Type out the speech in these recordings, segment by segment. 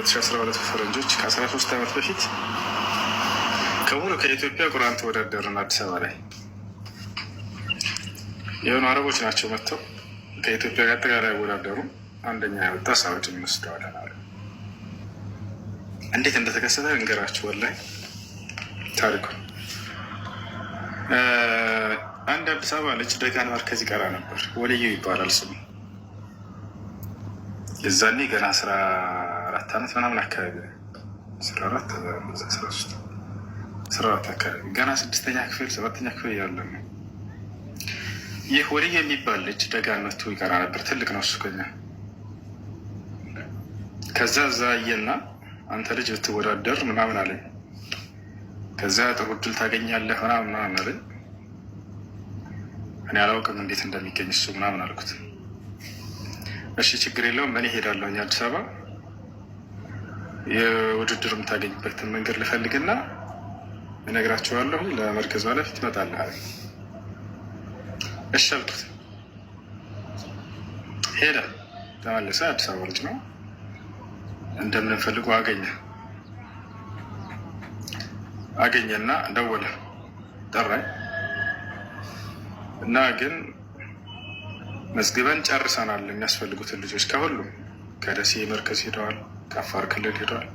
2012 ፈረንጆች ከ13 ዓመት በፊት ከሙሉ ከኢትዮጵያ ቁርአን ተወዳደርን። አዲስ አበባ ላይ የሆኑ አረቦች ናቸው መጥተው ከኢትዮጵያ ጋር አጠቃላይ ወዳደሩ አንደኛ ያወጣ ሳውዲ እንወስደዋለን አሉ። እንዴት እንደተከሰተ እንገራችሁ። ወላሂ ታሪኩ አንድ አዲስ አበባ ልጅ ደጋን መርከዝ ይቀራ ነበር። ወልዩ ይባላል ስሙ። እዛኔ ገና ስራ አራት ዓመት ምናምን አካባቢ አስራ አራት አስራ ሶስት አስራ አራት አካባቢ ገና ስድስተኛ ክፍል ሰባተኛ ክፍል እያለ ነው። ይህ ወሪ የሚባል ልጅ ደጋነቱ ይቀራ ነበር። ትልቅ ነው እሱ ከኛ። ከዛ እዛ እየና አንተ ልጅ ብትወዳደር ምናምን አለኝ። ከዛ ጥሩ እድል ታገኛለህ ምናምን ምናምን አለኝ። እኔ አላውቅም እንዴት እንደሚገኝ እሱ ምናምን አልኩት። እሺ ችግር የለውም እኔ ሄዳለሁ አዲስ አበባ የውድድር የምታገኝበትን መንገድ ልፈልግና እነግራችኋለሁ። ለመርከዝ ኃላፊ ትመጣለህ እሺ አልኩት። ሄደ ተመለሰ። አዲስ አበባ ልጅ ነው እንደምንፈልጉ አገኘ አገኘና ደወለ ጠራኝ እና ግን መዝግበን ጨርሰናል የሚያስፈልጉትን ልጆች ከሁሉም ከደሴ መርከዝ ሄደዋል። ከአፋር ክልል ሄደዋል።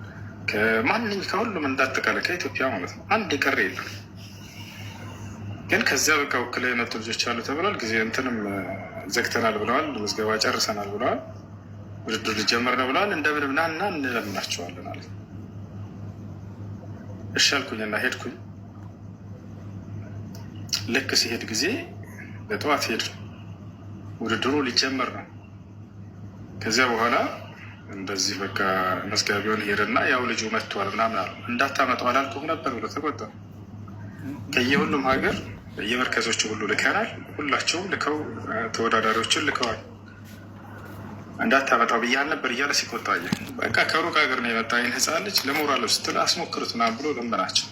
ከማንኝ ከሁሉም እንዳጠቃላይ ከኢትዮጵያ ማለት ነው። አንድ የቀረ የለም። ግን ከዚያ በቃ ወክለው የመጡ ልጆች አሉ ተብሏል። ጊዜ እንትንም ዘግተናል ብለዋል። ምዝገባ ጨርሰናል ብለዋል። ውድድር ሊጀመር ነው ብለዋል። እንደምንም ናና እንለምናቸዋለን አለ። እሺ አልኩኝና ሄድኩኝ። ልክ ሲሄድ ጊዜ በጠዋት ሄድ ውድድሩ ሊጀመር ነው። ከዚያ በኋላ እንደዚህ በቃ መዝጋቢውን ሄድና ያው ልጁ መጥቷል ምናምን አሉ። እንዳታመጣው አላልኩህ ነበር ብሎ ተቆጣ። ከየሁሉም ሀገር የመርከዞቹ ሁሉ ልከናል። ሁላቸውም ልከው ተወዳዳሪዎችን ልከዋል። እንዳታመጣው ብያል ነበር እያለ ሲቆጣየ በቃ ከሩቅ ሀገር ነው የመጣ ይህን ህፃን ልጅ ለሞራለሁ ስትል አስሞክሩት ምናምን ብሎ ለመናቸው።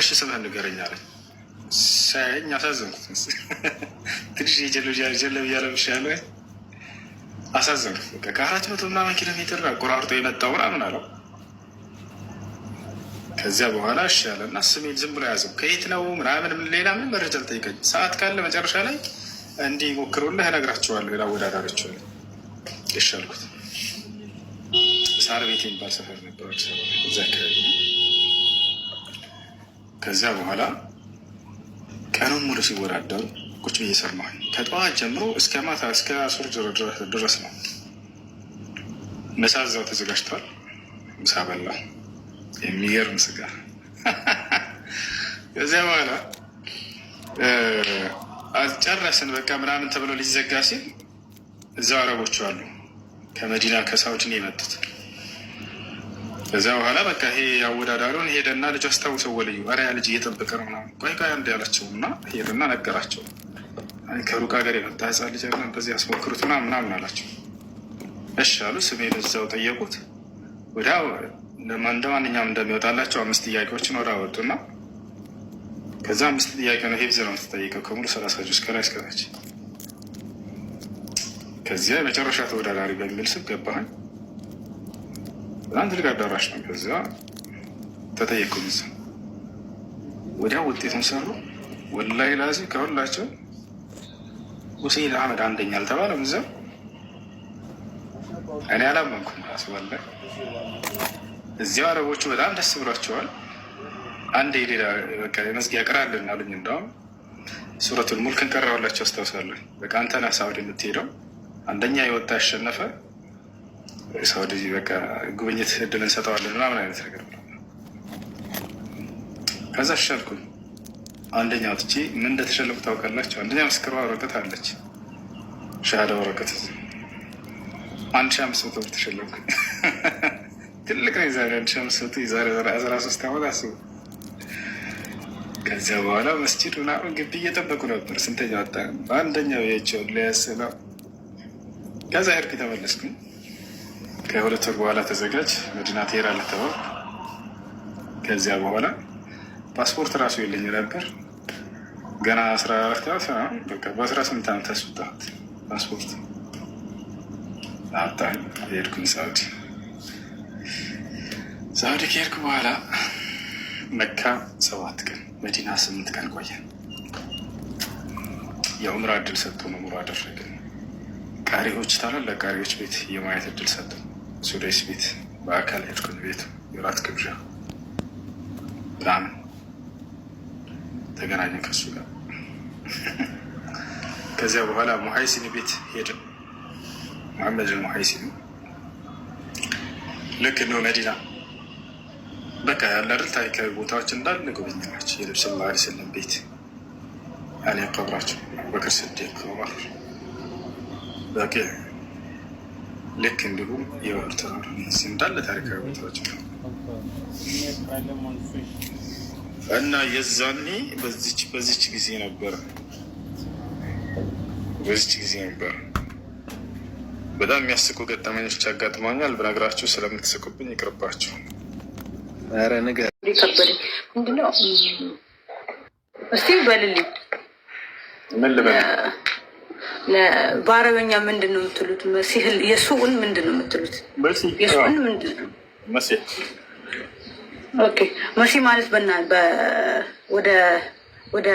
እሺ ስምህን ንገረኝ አለኝ። ሳያየኝ አሳዘንኩት። ትንሽ የጀለብያ ለብሻ ያለ አሳዘን ከአራት መቶ ምናምን ኪሎ ሜትር አቆራርጦ የመጣው ምናምን አለው። ከዚያ በኋላ እሻለ እና ስሜን ዝም ብሎ ያዘው። ከየት ነው ምናምን ሌላ ምን መረጃ አልጠይቀኝ። ሰዓት ካለ መጨረሻ ላይ እንዲህ ሞክሩልህ እነግራቸዋለሁ። ሌላ ወዳዳሪች እሺ አልኩት። ሳር ቤት የሚባል ሰፈር ነበር አዲስ አበባ እዛ አካባቢ። ከዚያ በኋላ ቀኑን ሙሉ ሲወዳደሩ ቁጭ ብዬ ሰማሁኝ። ከጠዋት ጀምሮ እስከ ማታ እስከ አስር ድረስ ነው። ምሳ እዛው ተዘጋጅቷል። ምሳ በላ የሚገርም ስጋ። ከዚያ በኋላ አልጨረስን በቃ ምናምን ተብሎ ሊዘጋ ሲል እዛው አረቦቹ አሉ ከመዲና ከሳውዲ ነው የመጡት። ከዚያ በኋላ በቃ ይሄ አወዳዳሪውን ሄደና ልጅ አስታውሰው ወልዩ አሪያ ልጅ እየጠበቀ ነው ምናምን ቆይ ቆይ አንድ ያላቸው እና ሄደና ነገራቸው። ከሩቅ ሀገር የመጣ ህፃን ልጅ ና በዚህ ያስሞክሩት ና ምናምን አላቸው። እሺ አሉ። ስሜን እዛው ጠየቁት። ወዲያ እንደ ማንኛውም እንደሚወጣላቸው አምስት ጥያቄዎችን ወደ ና ከዛ አምስት ጥያቄ ነው ሂብዝ ነው የምትጠይቀው ከሙሉ ሰላሳ ጁዝ ከላይ እስከታች። ከዚያ የመጨረሻ ተወዳዳሪ በሚል ስብ ገባህን በጣም ትልቅ አዳራሽ ነው። ከዚያ ተጠየቁ። ወዲያ ውጤቱን ሰሩ። ወላይ ላዚ ከሁላቸው ሁሴን አህመድ አንደኛ አልተባለም። እዛ እኔ አላመንኩም ራሱ ባለ እዚያው አረቦቹ በጣም ደስ ብሏቸዋል። አንድ የሌላ በቃ የመዝጊያ ቅራልን አሉኝ። እንደውም ሱረቱን ሙልክን ቀራሁላቸው አስታውሳለሁ። በቃ አንተና ሳውዲ የምትሄደው አንደኛ የወጣ ያሸነፈ ሳውዲ በቃ ጉብኝት እድል እንሰጠዋለን ምናምን አይነት ነገር ከዛ አሸንኩኝ አንደኛ ትቼ ምን እንደተሸለቁ ታውቃላቸው? አንደኛ ምስክሯ ወረቀት አለች፣ ሻሃዳ ወረቀት አንድ ሺ አምስት መቶ ብር ተሸለቁ። ትልቅ ነው። የዛሬ አንድ ሺ አምስት መቶ የዛሬ አስራ ሶስት ዓመት አስቡ። ከዚያ በኋላ መስጂድ ምናምን ግቢ እየጠበቁ ነበር። ስንተኛ ወጣ? በአንደኛው የቸው ሊያስላ ከዛ ሄድኩ፣ ተመለስኩ። ከሁለት ወር በኋላ ተዘጋጅ መዲና ትሄዳለህ ተባልኩ። ከዚያ በኋላ ፓስፖርት ራሱ የለኝ ነበር። ገና አስራ አራት ዓመት በቃ በአስራ ስምንት ዓመት አስወጣት ፓስፖርት አጣኝ። የሄድኩኝ ሳውዲ ሳውዲ ከሄድኩ በኋላ መካ ሰባት ቀን መዲና ስምንት ቀን ቆየን። የዑምራ እድል ሰጥቶ ነው ሙሉ አደረግን። ቃሪዎች ታላላቅ ቃሪዎች ቤት የማየት እድል ሰጥቶ ሱዳይስ ቤት በአካል ሄድኩኝ። ቤቱ የራት ግብዣ ምናምን ተገናኘ ከሱ ጋር። ከዚያ በኋላ ሙሐይሲን ቤት ሄደ። መሐመድ ሙሐይሲን ልክ እንደ መዲና በቃ ያለ አይደል ታሪካዊ ቦታዎች እንዳለ ጎበኘናቸው። የነብዩ ላ ስለም ቤት ያኔ ቀብራቸው በክር ስዲቅ፣ ዑመር በቂ ልክ እንዲሁም የወርተ እንዳለ ታሪካዊ ቦታዎች ነው እና የዛኔ በዚች በዚች ጊዜ ነበር በዚች ጊዜ ነበር። በጣም የሚያስቁ ገጠመኞች ያጋጥማኛል። በነገራችሁ ስለምትስቁብኝ ይቅርባችሁ። ኧረ ንገር እስቲ በልልኝ። ምን ልበል? በአረበኛ ምንድን ነው የምትሉት? መሲህል የሱን ምንድን ነው የምትሉት? የሱን ምንድን ነው መሲህ መርሲ ማለት ወደ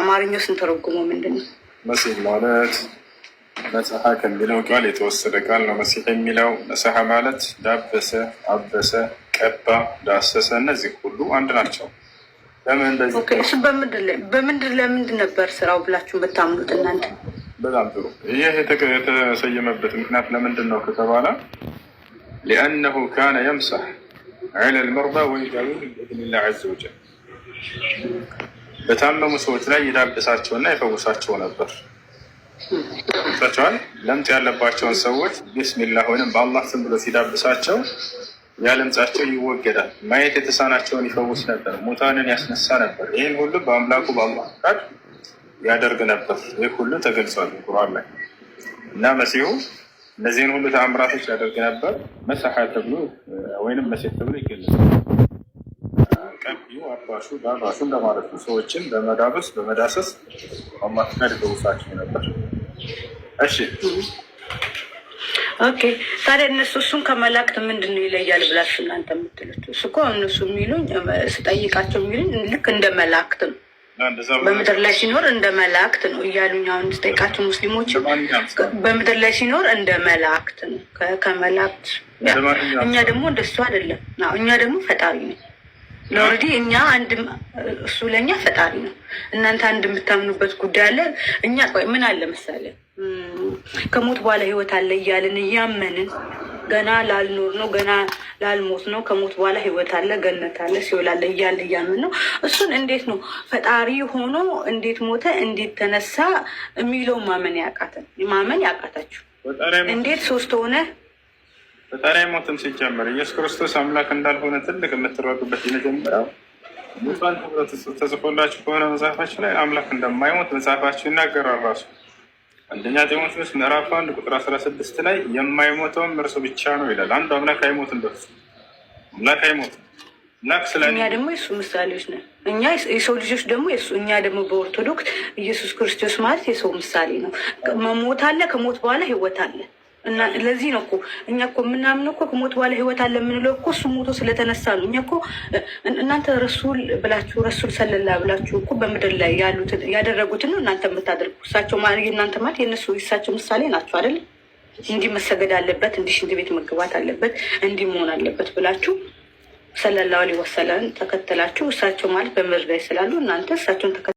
አማርኛው ስንተረጉመው ምንድን ነው? መሲህ ማለት ነሰሐ ከሚለው ቃል የተወሰደ ቃል ነው። መሲሕ የሚለው ነሰሐ ማለት ዳበሰ፣ አበሰ፣ ቀባ፣ ዳሰሰ እነዚህ ሁሉ አንድ ናቸው። ለምን ለምንድን ነበር ስራው ብላችሁ የምታምኑት እናንተ? በጣም ጥሩ። ይህ የተሰየመበት ምክንያት ለምንድን ነው ከተባለ ሊአነሁ ካነ የምሳሕ ዐለል መርዳ ወይጃሉን ብኢዝኒላህ ዐዘ ወጀል በታመሙ ሰዎች ላይ ይዳብሳቸውና ይፈውሳቸው ነበር። ሰቸዋል ለምጥ ያለባቸውን ሰዎች ቢስሚላህ ወይም በአላህ ስም ብሎ ሲዳብሳቸው ያለምጻቸው ይወገዳል። ማየት የተሳናቸውን ይፈውስ ነበር። ሙታንን ያስነሳ ነበር። ይህን ሁሉ በአምላኩ በአላህ ፈቃድ ያደርግ ነበር። ይህ ሁሉ ተገልጿል ቁርአን ላይ እና መሲሁ እነዚህን ሁሉ ተአምራቶች ያደርግ ነበር። መሳሐ ተብሎ ወይንም መሴት ተብሎ ይገለጻል። ቀቢው፣ አባሹ፣ ባባሹ እንደማለት ነው። ሰዎችን በመዳበስ በመዳሰስ አላህ በውሳቸው ነበር። እሺ ኦኬ። ታዲያ እነሱ እሱን ከመላእክት ምንድን ነው ይለያል ብላችሁ እናንተ የምትሉት? እሱ እኮ እነሱ የሚሉኝ ስጠይቃቸው የሚሉኝ ልክ እንደ መላእክት ነው በምድር ላይ ሲኖር እንደ መላእክት ነው እያሉኝ አሁን ስጠይቃቸው ሙስሊሞች በምድር ላይ ሲኖር እንደ መላእክት ነው ከመላእክት እኛ ደግሞ እንደሱ አይደለም። እኛ ደግሞ ፈጣሪ ነው። ኦልሬዲ እኛ አንድ እሱ ለእኛ ፈጣሪ ነው። እናንተ አንድ የምታምኑበት ጉዳይ አለ። እኛ ቆይ ምን አለ ምሳሌ ከሞት በኋላ ህይወት አለ እያልን እያመንን ገና ላልኖር ነው፣ ገና ላልሞት ነው፣ ከሞት በኋላ ህይወት አለ፣ ገነት አለ፣ ሲኦል አለ እያለ እያምን ነው። እሱን እንዴት ነው ፈጣሪ ሆኖ እንዴት ሞተ፣ እንዴት ተነሳ የሚለው ማመን ያቃተን ማመን ያቃታችሁ እንዴት ሶስት ሆነ? ፈጣሪ አይሞትም። ሲጀምር ኢየሱስ ክርስቶስ አምላክ እንዳልሆነ ትልቅ የምትረዱበት የመጀመሪያው ሙታን ተብሎ ተጽፎላችሁ ከሆነ መጽሐፋችሁ ላይ አምላክ እንደማይሞት መጽሐፋችሁ ይናገራል ራሱ አንደኛ ጢሞቴዎስ ምዕራፍ አንድ ቁጥር አስራ ስድስት ላይ የማይሞተውም እርሱ ብቻ ነው ይላል። አንዱ አምላክ አይሞትም፣ በፍጹም አምላክ አይሞትም። ስለ እኛ ደግሞ የሱ ምሳሌዎች ነን እኛ የሰው ልጆች ደግሞ የሱ እኛ ደግሞ በኦርቶዶክስ ኢየሱስ ክርስቶስ ማለት የሰው ምሳሌ ነው። መሞት አለ፣ ከሞት በኋላ ህይወት አለ። እና ለዚህ ነው እኮ እኛ እኮ የምናምን እኮ ከሞት በኋላ ህይወት አለ የምንለው እኮ እሱ ሞቶ ስለተነሳ ነው። እኛ እኮ እናንተ ረሱል ብላችሁ ረሱል ሰለላ ብላችሁ እኮ በምድር ላይ ያሉትን ያደረጉትን ነው እናንተ የምታደርጉ። እሳቸው የእናንተ ማለት የእነሱ እሳቸው ምሳሌ ናቸው አይደለም? እንዲህ መሰገድ አለበት፣ እንዲህ ሽንት ቤት መግባት አለበት፣ እንዲህ መሆን አለበት ብላችሁ ሰለላ ዐለይሂ ተከተላችሁ። እሳቸው ማለት በምድር ላይ ስላሉ እናንተ እሳቸውን